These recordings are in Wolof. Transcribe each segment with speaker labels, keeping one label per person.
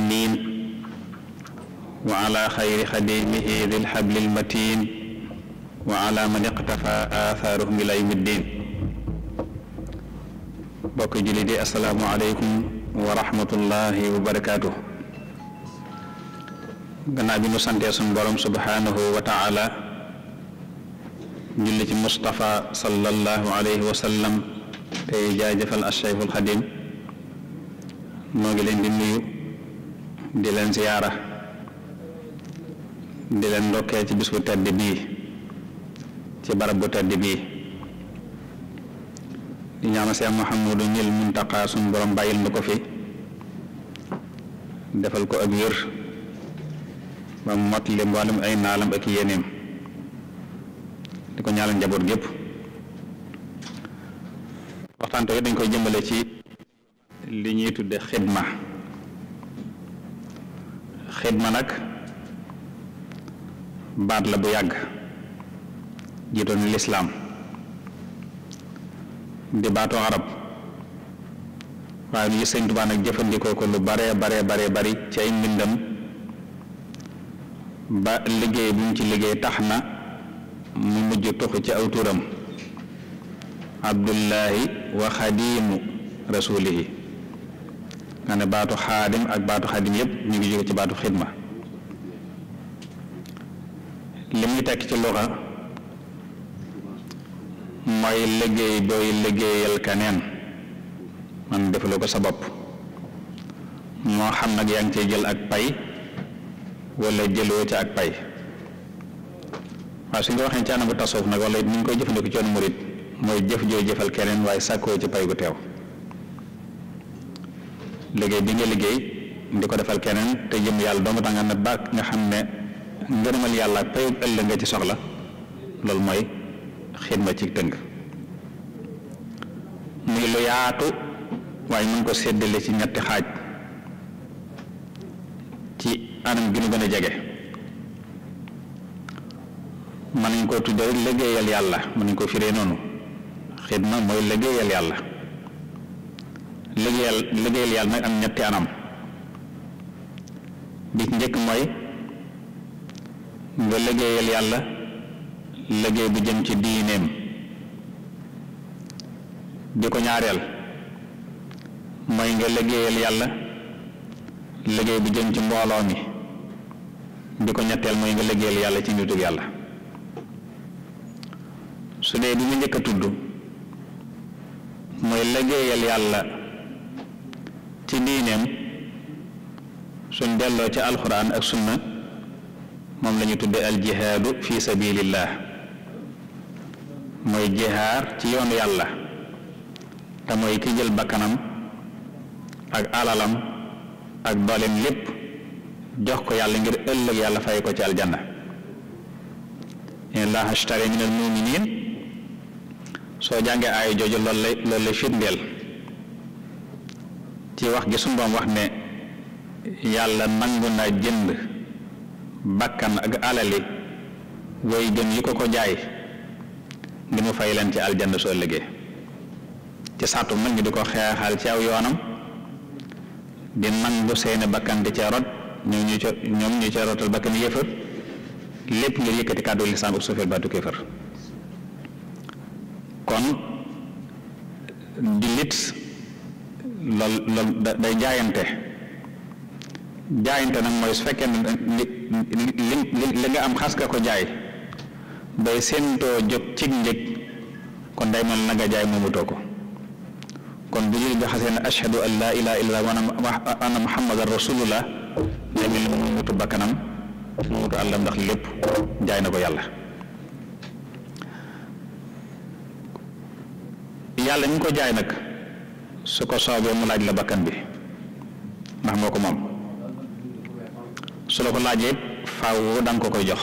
Speaker 1: الأمين وعلى خير خديمه ذي الحبل المتين وعلى من اقتفى آثارهم إلى يوم الدين بك جلدي السلام عليكم ورحمة الله وبركاته gannaaw bi nu santee suñ borom subhanahu wa taala julli ci Mustafa sallallahu alayhi wa sallam tey jaajëfal Cheikhul Xadim moo ngi nuyu di leen ziyaara di leen ndokkee ci bis bu tedd bii ci barab bu tedd bii di ñaana Seex Muhammadu ñil Muntaqa suñ borom bàyyil na ko fi defal ko ak wér ba mu mot li mboolem ay naalam ak yéeneem di ko ñaanal njaboot gépp waxtaan yi dañ koy jëmbale ci li ñuy tudde xidma xidma nag baat la bu yàgg jiitoon lislaam di baato arab waaye li sëñ Tuubaa nag jëfandikoo ko lu baree baree bari ci ay mbindam ba liggéey bu mu ci liggéey tax na mu mujj tuxu ci aw turam abdullahi wa xadiimu rasuulihi nga ne baatu xaadim ak baatu xaadim yépp ñu ngi jóge ci baatu xidma li muy tekk ci luxa mooy liggéey booy liggéeyal kaneen man defaloo ko sa bopp moo xam nag yaa ngi cee jël ak pay wala jëloo ca ak pay waaye su ñu ko waxee ci anam bu tasawuf nag wala ni ñu koy jëfandikoo ci yoonu murit mooy jëf joo jëfal keneen waaye sàkkoo ci pay gu teew liggéey bi nga liggéey di ko defal keneen te jëm yàlla dong tax nga ne nga xam ne ngërëmal yàlla ak payug ëllëg nga ci soxla loolu mooy ma ci tënk muy lu yaatu waaye mën ko séddale ci ñetti xaaj ci anam gi ñu gën a jege mën nañ koo tudde liggéeyal yàlla mën nañ ko firee noonu xidma mooy liggéeyal yàlla liggéeyal liggéeyal yàlla nag am ñetti anam bi ci njëkk mooy nga liggéeyal yàlla liggéey bu jëm ci di ko ñaareel mooy nga liggéeyal yàlla liggéey bu jëm ci mbooloo mi di ko ñetteel mooy nga liggéeyal yàlla ci nitu yàlla su dee bi mu njëkk a tudd mooy liggéeyal yàlla ci diineem suñ delloo ci alxuraan ak sunna moom la ñu tuddee aljihaadu fi sabilillah mooy jihaar ci yoonu yàlla te mooy ki jël bakkanam ak alalam ak dooleem lépp jox ko yàlla ngir ëllëg yàlla fay ko ci aljanna in allah ashtari min al muminin soo jàngee aay jooju loolu lay loolu lay firndeel ci wax gi suñu wax ne yàlla nangu na jënd bakkan ak alali way gëm li ko ko jaay ngir mu fay leen ci aljanna soo liggéey ci sàttum nag ñu di ko xeexal ci aw yoonam di nangu seeni bakkan di ca rot ñoom ñu ca ñoom ñu ca rotal bakkan yëfër lépp ngir yëkkati kàddu lislaam ak suufeel baatu kéefër kon jullit lal lal day jaayante jaayante nag mooy su fekkee ne li li nga am xas ka ko jaay day séentoo jóg cig njëg kon day mel na nga jaay moomutoo ko kon bu jullit bi xasee ne ashhadu an laa ilaha illallah wa muhammadan rasulullah day mel lépp jaay na ko yàlla yàlla ñu ko jaay nag su ko soobee mu laaj la bàkkan bi ndax moo ko moom su la ko laajee faaw da nga ko koy jox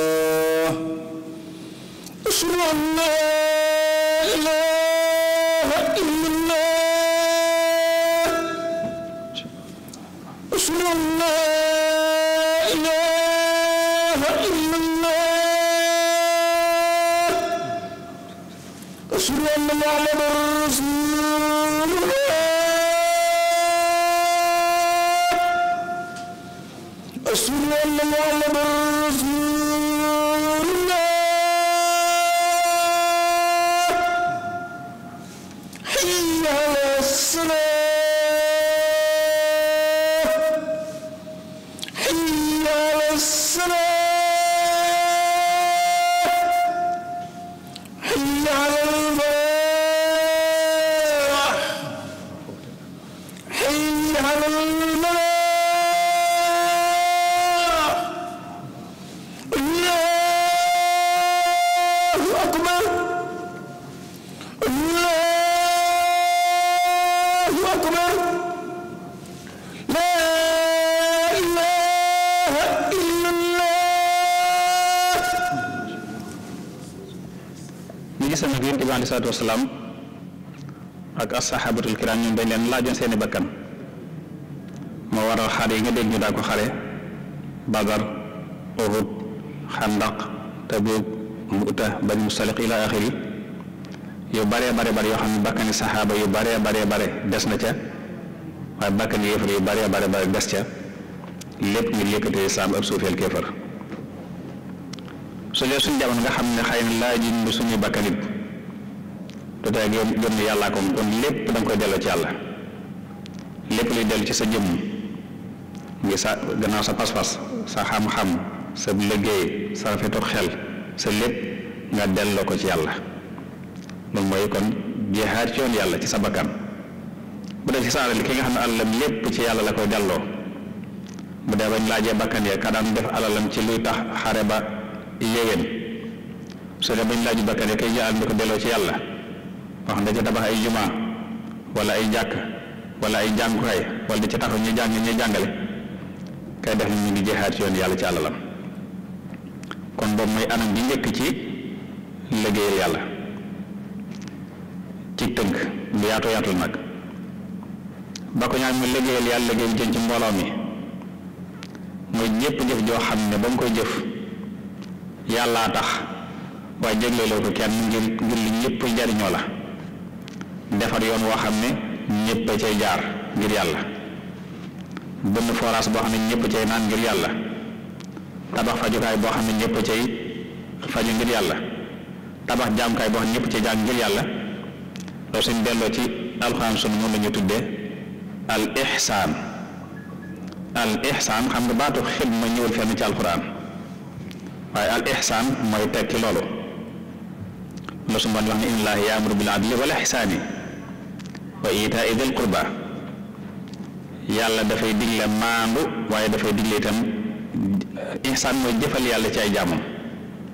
Speaker 1: salaatu ak asaxaabatul kiram ñoom seeni bakkan moo waral xare yi nga dégg ñu daa ko xare badar uhud xandaq tabuk muta bani mustaliq ila axiri yu bare bare bare yoo yu bare bare bare des na ca waaye bakkani yéefar yu bare bare bare des ca su dee suñ jamono nga xam ne xëy na laajuñ suñu bakkanit te tey ak yow gëm ne yàllaa ko kon lépp da koy delloo ci yàlla lépp luy dellu ci sa jëmm ngi sa gannaaw sa pas-pas sa xam-xam sa liggéey sa rafetu xel sa lépp nga delloo ko ci yàlla loolu mooy kon jeexaat ci yoon yàlla ci sa bakkan bu dee ci sa alal ki nga xam ne alalam lépp ci yàlla la koy delloo bu dee bañ laajee bakkan ya ka daan def alalam ci luy tax xare ba yéwén su dee bañ laaju bakkan ya kay jëlaat di ko delloo ci yàlla nga xam ca tabax ay jumaa wala ay jàkk walla ay jàngukaay walla di ca taxaw ñu jàng ñu jàngale kay def ni ñu ngi jeexaat ci yoon yàlla ci àllalam kon boobu mooy anam gi njëkk ci liggéeyal yàlla ci tënk bu yaatu yaatul nag ba ko ñaan mu liggéeyal yàlla liggéey jëm ci mbooloo mi mooy jëpp jëf joo xam ne ba mu koy jëf yàlla tax waaye jégleeloo ko kenn ngir ngir li jariñoo la defar yoon woo xam ne ñépp a jaar ngir yàlla bënn forage boo xam ne ñépp a cay naan ngir yàlla tabax fajukaay boo xam ne ñépp a cay faju ngir yàlla tabax jaamukaay boo xam ne ñépp a cay ngir yàlla loolu suñ delloo ci alxuraan sunu moom tuddee al ihsaan al ihsaan xam nga baatu xidma ñëwul ci alxuraan waaye al ihsaan mooy tekki loolu loolu suñu wax ne inna llaaha yaamuru bil adli wal ihsaani wa iitaa'i dil qurba yàlla dafay digle maandu waaye dafay digle itam eh, ihsaan mooy jëfal yàlla ci ay jaamam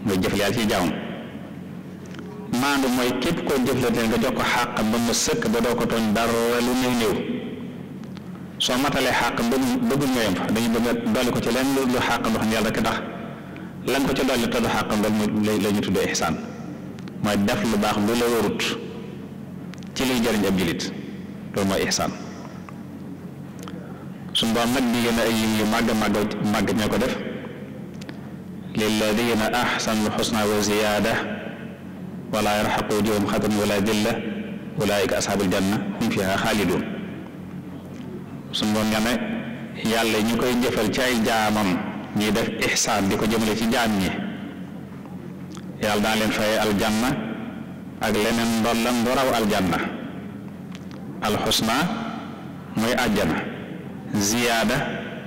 Speaker 1: mooy jëfal yàlla ci ay jaamam maandu mooy képp koo jëflante nga jox ko xàq ba mu sëkk ba doo ko tooñ dara lu néew néew soo matalee xàq bëggu bëggu ñooyam fa dañu bëgg dolli ko ci leen lu lu xàq loo xam ne ko ci dolli te du xàqam ñu tuddee ihsaan mooy def lu baax lu la warut ci luy jëriñ ab jullit loolu mooy ihsaan suñu borom di gën a ay yiw yu màgg màgg màgg ñoo ko def lilladina ahsanul xusna wa ziyaada wala yarxaqu wujuhum xadan wala dilla ulaayika ashaabul janna hum fiha xaalidun suñu borom yàlla ñu koy jëfal ci ay jaamam ñuy def ihsaan di ko jëmale ci jaam ñi yàlla daan leen faye aljanna ak leneen ndollan bu raw aljanna alxusna mooy àjjana ziyaada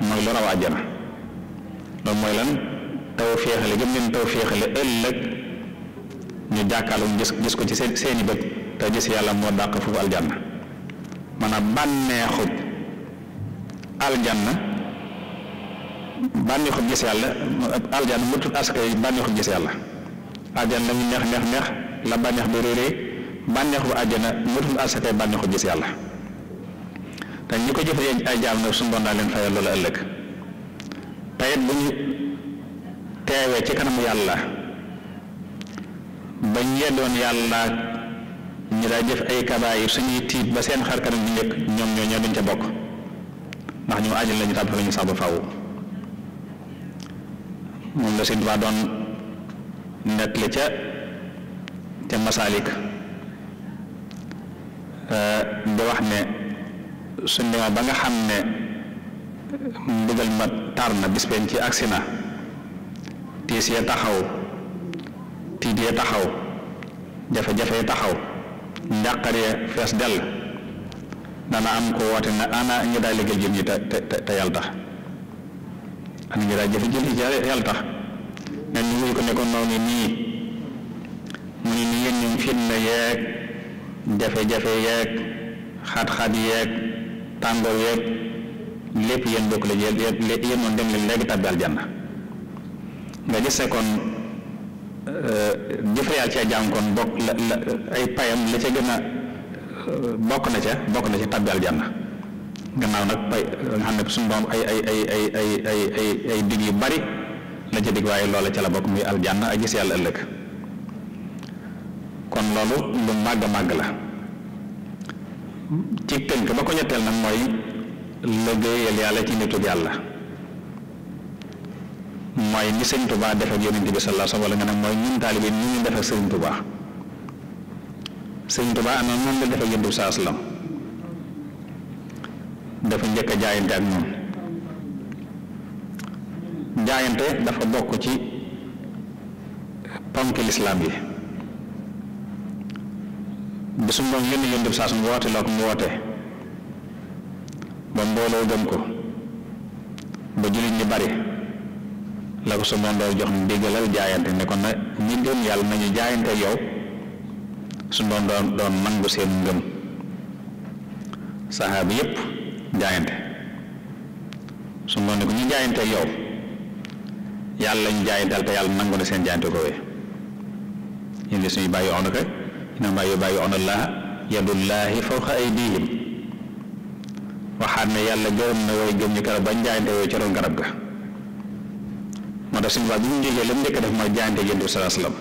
Speaker 1: mooy lu raw àjjana loolu mooy lan taw féexale gëm leen taw féexale ëllëg ñu jàkkaarloo gis gis ko ci seen seeni bët te gis yàlla moo dàq foofu aljanna maanaam bànneexub aljanna bànneexub gis yàlla aljanna mu tut askan yi bànneexub gis yàlla aljanna la neex neex neex la bànneex ba bànneexu àjjana moo tax asakay bànneexu gis yàlla te ñi ko jëfe ay jaam nag suñu doon daa leen fayal loolu ëllëg te it bu ñu teewee ci kanamu yàlla ba ñee doon yàlla ñi daa jëf ay kabaayir suñuy tiit ba seen xar kanam bu ñoom ñoo ñoo duñ ca bokk ndax ñoo àjjana lañu tàbb lañu sax ba faw moom la seen waa doon nekk ca ca masaalik di wax ne suñ ba nga xam ne mbugal ma tar na bis benn ci agsi na tiis ya taxaw tiit ya taxaw jafe-jafe ya taxaw njàqar ya fees dell dana am ko woote ne ana ngi daay liggéey jëm ñi te te te yàlla tax ana ngi daay jëfe ko ne ko noonu nii mu ne nii yéen ñoom fitna yeeg jafe-jafe yeeg xat-xat yeeg tàngoor yeeg lépp yéen bokk la yéen yéen moom dem leen léegi tàbbi aljanna nga gis ne kon euh, jëfe yàlla cee jaam bokk la ay payam la ca gën a euh, bokk na ca bokk na ca tàbbi aljanna gannaaw nag pay nga xam ne suñu doom ay ay ay ay ay ay ay ay yu bari la ca dig waaye loola ca la bokk muy aljanna ak gis yàlla ëllëg kon loolu lu màgg màgg la ci tënk ba ko ñetteel nag mooy liggéeyal yàlla ci nitub yàlla mooy ni sëñ Tuba def ak yonent bi sallallahu alayhi wa sallam wala nga ne mooy ñun taalibe ni ñu def ak sëñ Tuba sëñ Tuba am na noonu la def ak yonent bi sallallahu dafa njëkk a jaayante ak ñun jaayante dafa bokk ci ponk lislaam yi ba suñu borom yónni yónni saa suñu woote la ko mu woote ba mbooloo gëm ko ba jullit ñi bari la ko suñu borom jox ndigalal jaayante ne kon na ñi gëm yàlla nañu jaayante yow suñu borom doon doon nangu seen ngëm bi yépp jaayante suñu borom ko ñu jaayante yow yàlla lañu jaayanteel te yàlla nangu na seen jaayante ko wee yéen suñu bàyyi on innama yubaayi'uuna llaaha yadullaahi fawqa aydiihim waxaat ne yàlla gërëm na way gëm ñu keroog bañ jaayante yooyu ca roon garab ga moo tax suñu baa bi ñu jógee la mu njëkk def mooy jaayante jënd bi salaa salaam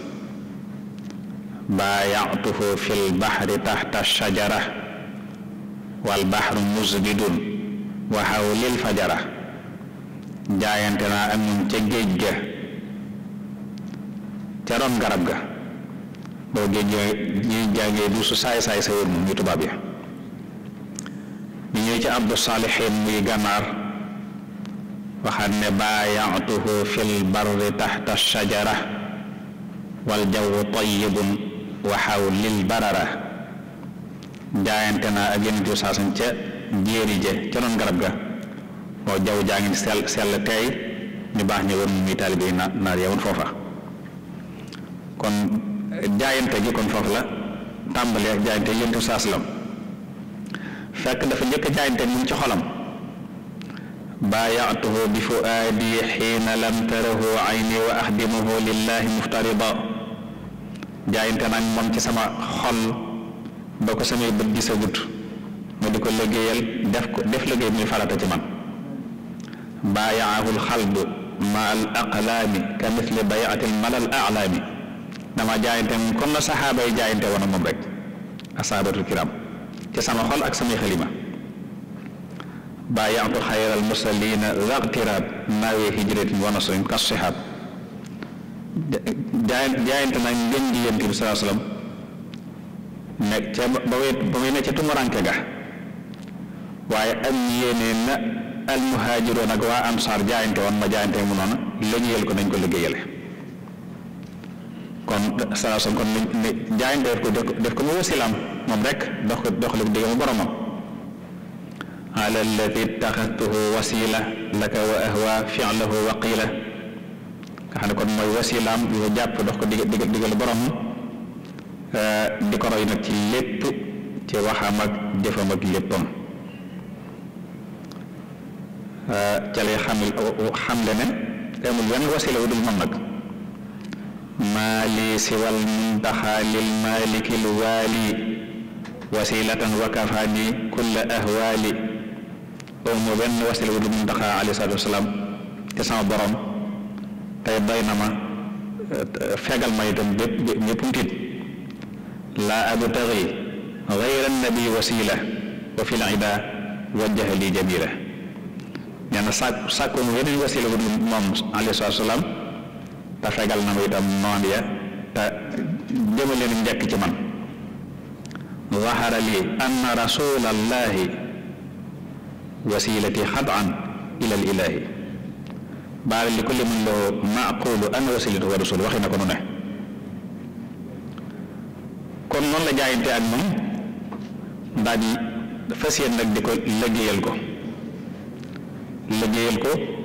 Speaker 1: baaya'tuhu fil bahri tahta shajara wal bahru musbidun wa hawlil fajara jaayante naa ak ñun ca géej ga ca roon garab ga boo géej ñuy jàngee du su saay saay sa yoon moom ñu tubaab yi ñu ñëw ci abdu saalixiin muy gànnaar waxaat ne baayaatuhu fil barri taxta shajara wal jawwu tayyibun wa xawlil barara jaayante naa ak yeneen yu saasan ca jéeri je ca noon garab ga moo jaw jaa ngi sell sell ñu baax ñëwoon muy taalibe yi naar yewoon foofa kon jaayante gi kon foofu la tàmbalee ak jaayante yéntu saaslam fekk dafa njëkk jaayante mu ci xolam baayaatuhu bi fuaadi xiina lam tarahu ayni wa axdimuhu lillahi muftarida jaayante nag moom ci sama xol ba ko samay bët gisagut ma di ko liggéeyal def ko def liggéey muy farata ci man baayaahu alxalbu ma al aqlaami ka misli bayaati al al alaami dama jaayante moom comme na saxaaba yi jaayante sama xol ak samay xalima baayaatu xayral bi salaa salaam nekk ca ba wet ba muy ne ca tumuranke ga waaye am yéene na almuhaajiroon ak waa ansaar jaayante woon ma jaayante mu noonu liggéeyal ko dañ ko liggéeyale kon saa kon ni jaay ko def ko mu wasilaam moom rek dox dox li digga mu boromam ala alladi taxadtuhu wasila laka wa ahwa fi'lahu wa qila ne kon mooy wasilaam yu ko jàpp dox ko digg digg diggal eh, di ko roy nag ci lépp ci waxam ak jëfam ak léppam eh, ca lay xamil xamle ne amul benn wasila wu dul moom nag ما لي سوى المنتهى للمالك الوالي وسيلة وكفاني كل أهوالي أم بن وسيلة المنتهى عليه الصلاة والسلام تسمى برام تي بينما فقل ما يتم بيبنتين لا أبتغي غير النبي وسيلة وفي العدا وجه لي جميلة يعني ساكم غير وسيلة المنتهى عليه الصلاة والسلام te fegal na ma itam noon ya te jëmale leen njëkk ci man zahara li anna rasulallahi wasilati xadan ila al ilahi baara li kulli man loo maqulu an wasilatu wa rasul waxi na ko nu ne kon noonu la jaayante ak moom daal di fas nag di ko liggéeyal ko liggéeyal ko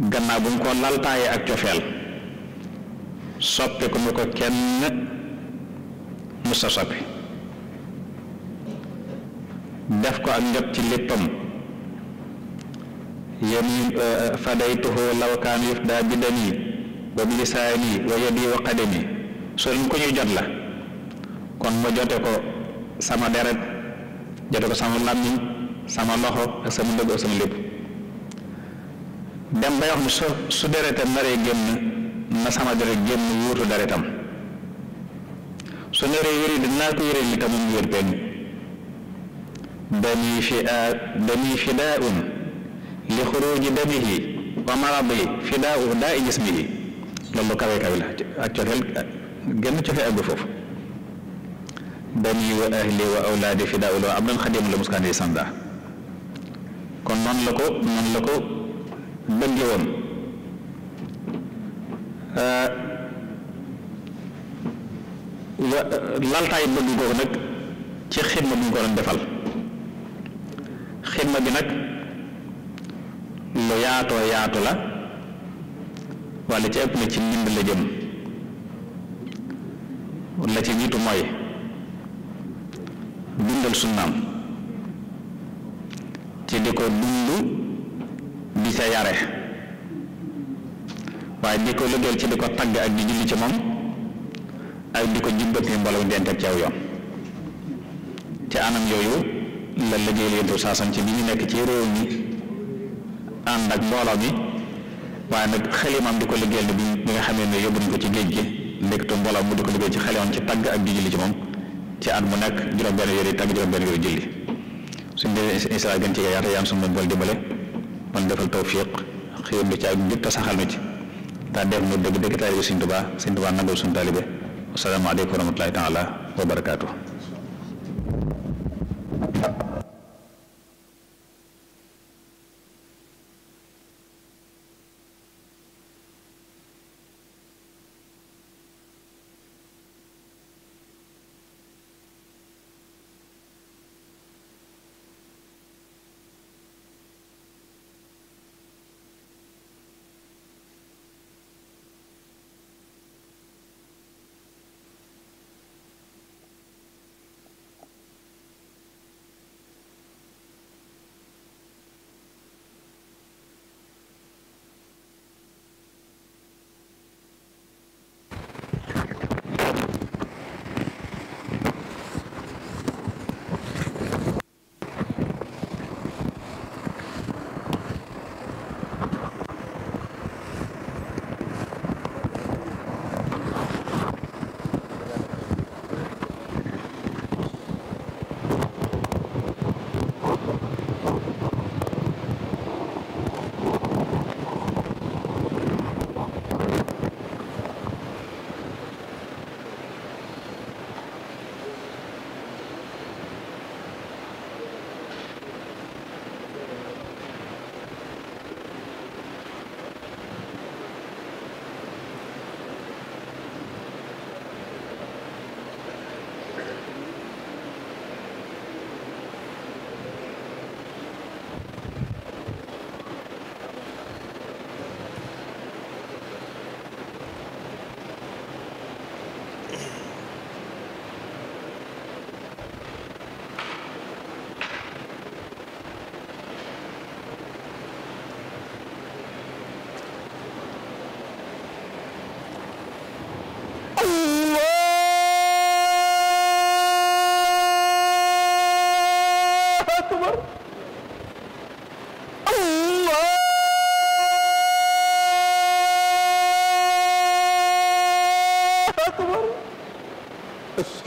Speaker 1: gannaaw bu mu ko laltaayee ak cofeel soppe ku mu ko kenn mu sa soppi def ko ak njot ci léppam yami euh, fadaytuhu law kaan yufda bi dami wa bi lisaani wa yadi wa mi soo ko ñuy jot la kon ma jote ko sama deret jote ko sama làmmiñ sama loxo ak sama ndëgg ak sama lépp dem bay wax ni su su deretam naree génn na sama deret génn wuutu deretam su naree wéri dinaa ko wéri li tamit wér benn dami fi a dami fidaun li xuruji damihi wa maradi fidaau daa i jismihi loolu kawe kawe la ak cofeel génn cofee àgg foofu dami wa ahli wa awlaadi fidaau la abdan xadim la muskaan yi sanda kon noonu la ko noonu la ko bënge woon euh, laltaay bëgg googu nag ci xidma bi ñu ko doon defal xidma bi nag lu yaatoo yaatu la walla ci ëpp na ci mbind la jëm la ci jiitu mooy dundal sunnaam ci di ko dund di ca yare waaye di ko liggéeyal ci di ko tagg ak di julli ci moom ak di ko jubbatee mbooloo denteeg ci aw yoon ci anam yooyu la liggéeyal yéntu saasam ci bi ñu nekk ci réew mi ànd ak mbooloo mi waaye nag xalimaam di ko liggéeyal bi bi nga xamee ne yóbbu nañ ko ci géej gi ndektu mbooloo mu di ko liggéey ci xalimaam ci tagg ak di julli ci moom ci at mu nekk juróom-benn yooyu tagg juróom-benn yooyu julli suñ dee israel gën ci yaata yaa am suñu mën dimbale man defal tawfiq xëy na ci ak njëkk te saxal na ci daa def mu dëgg dëgg taalibe Sëriñ Tuubaa Sëriñ Tuubaa nangul suñu taalibe asalaamaaleykum wa rahmatullahi taala wa barakaatu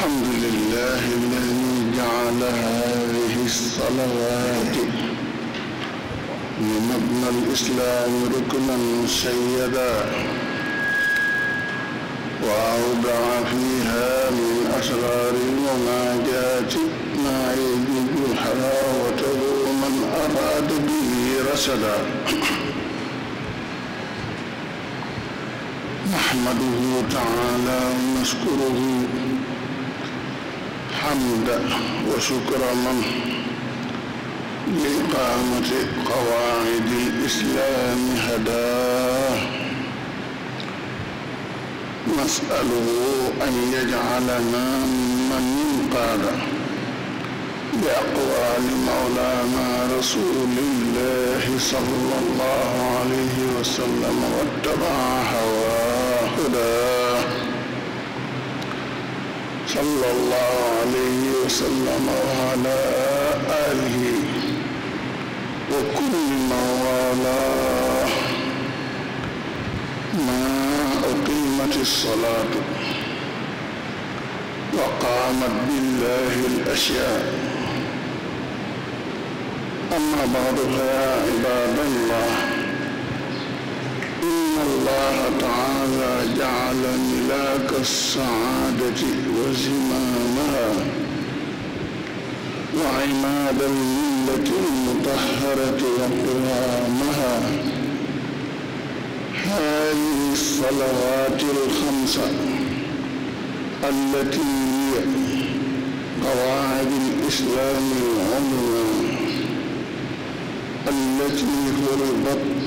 Speaker 2: الحمد لله الذي جعل هذه الصلوات من ابن الإسلام ركنا سيدا وأودع فيها من أسرار المناجاة ما يجد حلاوته من أراد به رشدا نحمده تعالى ونشكره الحمد وشكر من لإقامة قواعد الإسلام هداه نسأله أن يجعلنا ممن قال بأقوال مولانا رسول الله صلى الله عليه وسلم واتبع هواه هداه صلى الله عليه وسلم وعلى آله وكل ما والاه ما أقيمت الصلاة وقامت بالله الأشياء أما بعد فيا عباد الله إن الله تعالى جعل ملاك السعادة وزمامها وعماد الملة المطهرة وقوامها هذه الصلوات الخمسة التي هي قواعد الإسلام العليا التي فرضت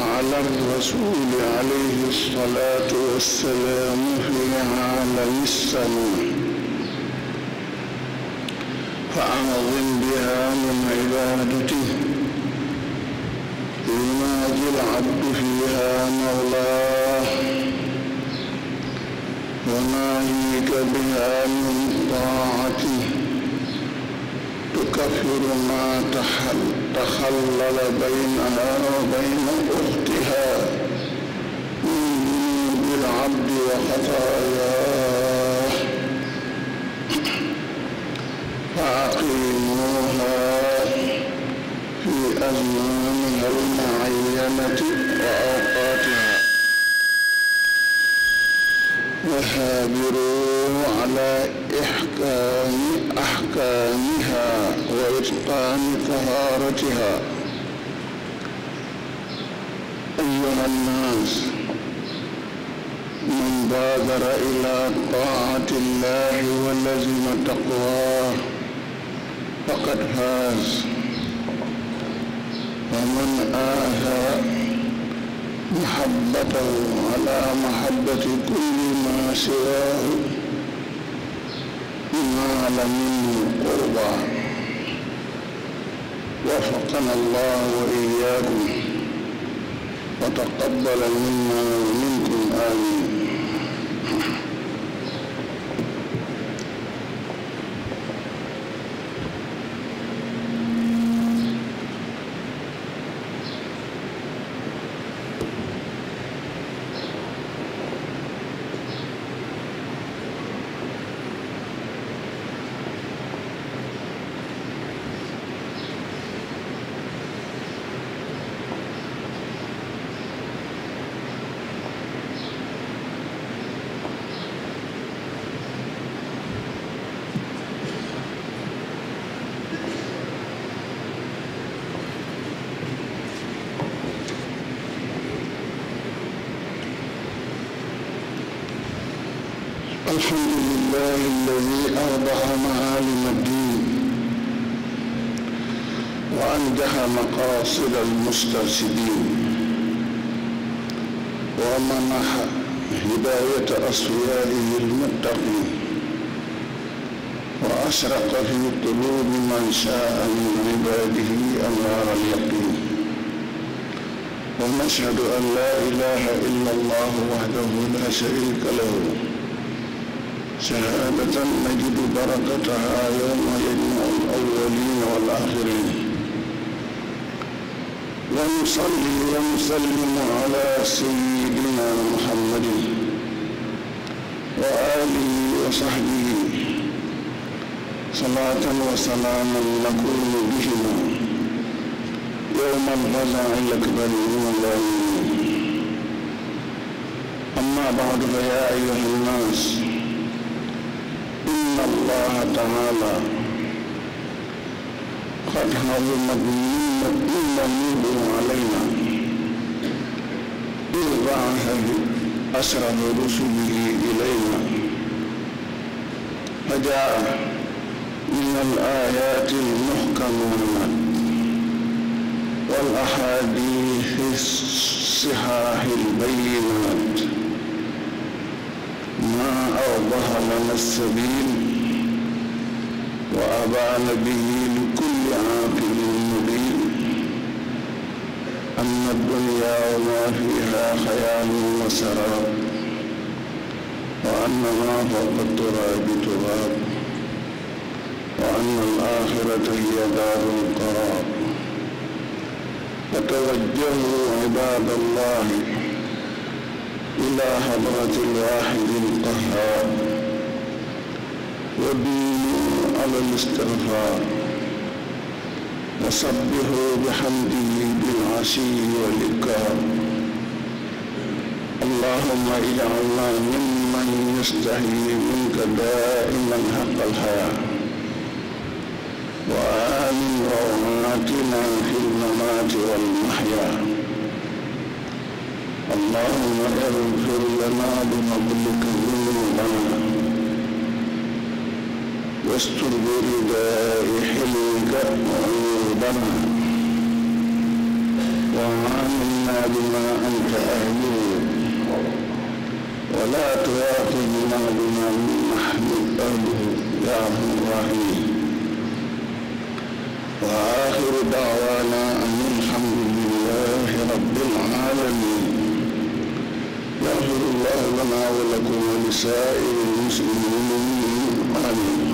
Speaker 2: على الرسول عليه الصلاة والسلام في عالم السماء فأعظم بها من عبادته ينادي العبد فيها مولاه وناهيك بها من طاعته تكفر ما تحل تخلل بينها وبين أختها من ذنوب العبد وخطاياه فأقيموها في أزمانها المعينة وأوقاتها فاصبروا على إحكام أحكامها وإتقان طهارتها أيها الناس من بادر إلى طاعة الله ولزم تقواه فقد فاز ومن آهى محبة على محبة كل ما سواه نال منه قربا وفقنا الله وإياكم وتقبل منا ومنكم آمين الحمد لله الذي أوضح معالم الدين وأنجح مقاصد المسترشدين ومنح هداية أصفيائه المتقين وأشرق في قلوب من شاء من عباده أنوار اليقين ونشهد أن لا إله إلا الله وحده لا شريك له شهادة نجد بركتها يوم يجمع الأولين والآخرين ونصلي ونسلم على سيدنا محمد وآله وصحبه صلاة وسلاما نكون بهما يوم الفزع الأكبر من العالمين أما بعد فيا أيها الناس أن الله تعالى قد عظمت منه منه علينا إذ بعث أسرى رسله إلينا فجاء من الآيات المحكمات والأحاديث الصحاح البينات ما أوضح لنا السبيل وأبان به لكل عاقل مبين أما الدنيا وما فيها خيال وسراب وأن ما فوق التراب تراب وأن الآخرة هي دار القرار فتوجهوا عباد الله إلى حضرة الواحد القهار ودينوا على الاستغفار وسبحوا بحمده بالعشي والإكرام اللهم اجعلنا ممن يستحي منك دائما حق الحياة وآمن روعاتنا في الممات والمحيا اللهم اغفر لنا بمضلك ذنوبنا واستر برداء حلمك عيوبنا وعاملنا بما انت اهله ولا تواخذنا بما نحن اهله يا عفو رحيم واخر دعوانا ان الحمد لله رب العالمين يغفر الله لنا ولكم ولسائر المسلمين امين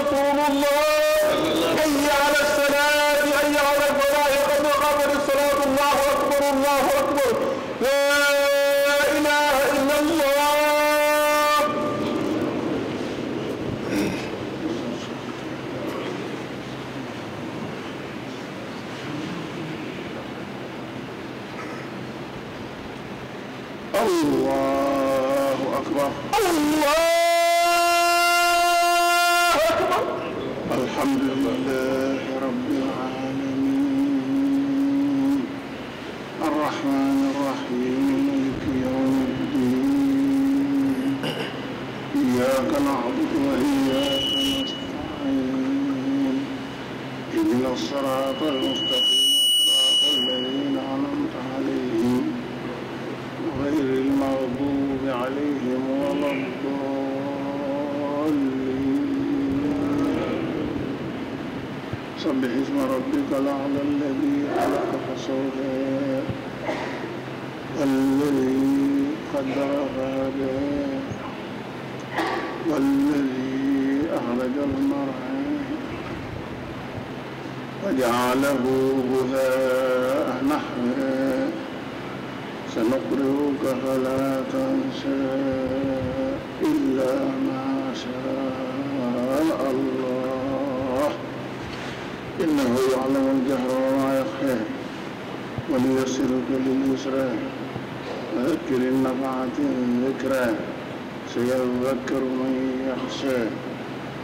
Speaker 2: الرحمن الرحيم ملك يوم الدين إياك نعبد وإياك نستعين اهدنا الصراط المستقيم فجعله غثاء نحوا سنقرئك فلا تنسى إلا ما شاء الله إنه يعلم الجهر وما يخفى وليسرك لليسرى وذكر النفعة الذكرى سيذكر من يخشى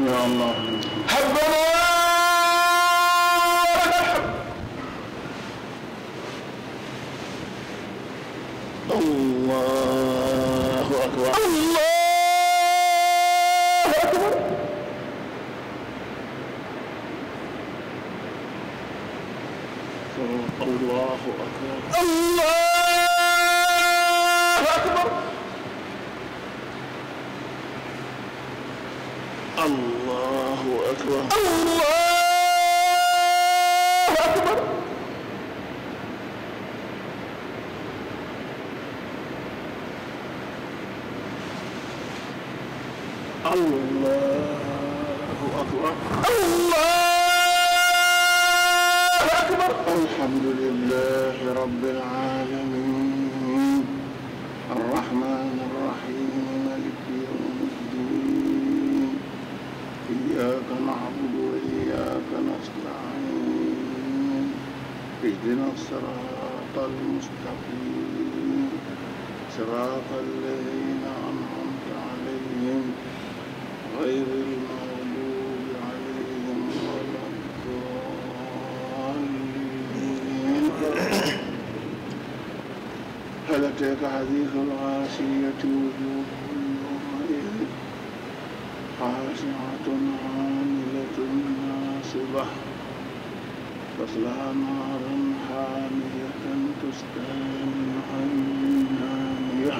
Speaker 3: Allah الله
Speaker 2: أتاك حديث الغاشية وجوه يومئذ خاشعة عاملة ناصبة تصلى نارا حامية تسقى من عين آنية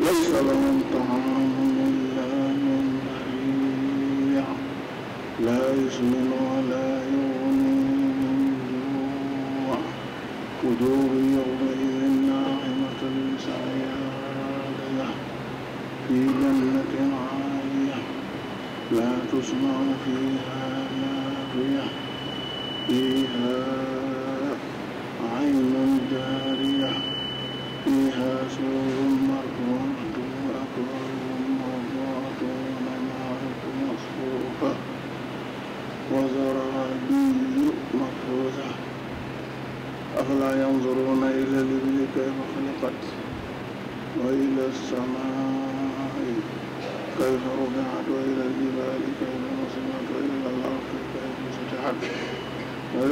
Speaker 2: ليس لهم طعام إلا من ضريع لا يسمن ولا يغني من جوع وجوه يومئذ في جنة عالية لا تسمع فيها نافية فيها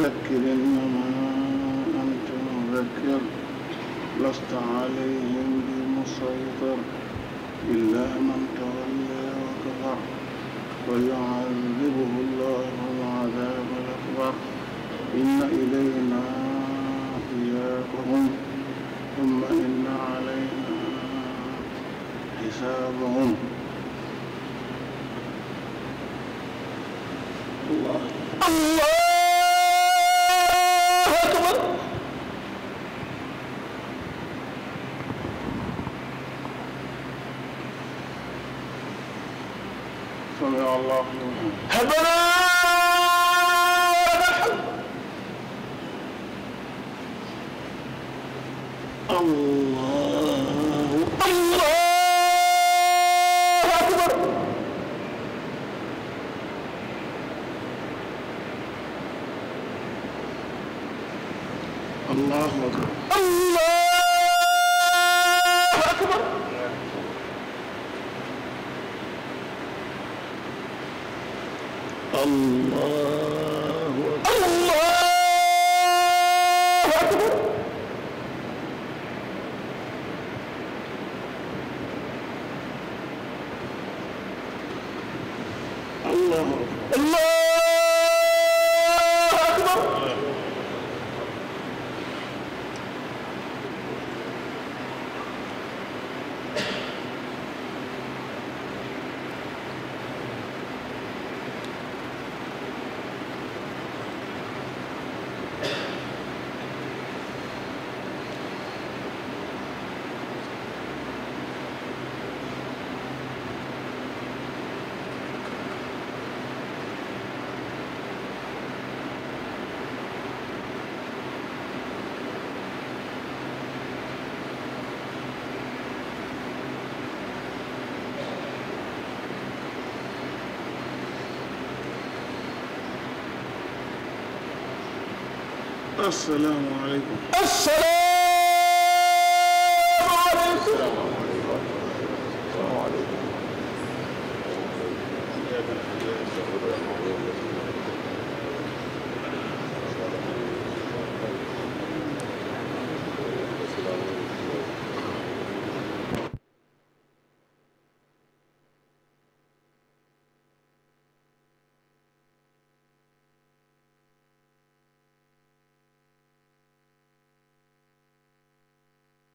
Speaker 2: مذكر وما أنت مذكر لست عليهم بمسيطر إلا من تولى وكفر ويعذبه الله العذاب الأكبر إن إلينا إياكهم ثم إن علينا حسابهم
Speaker 3: الله الله هب لنا
Speaker 2: asalaamaaleykum.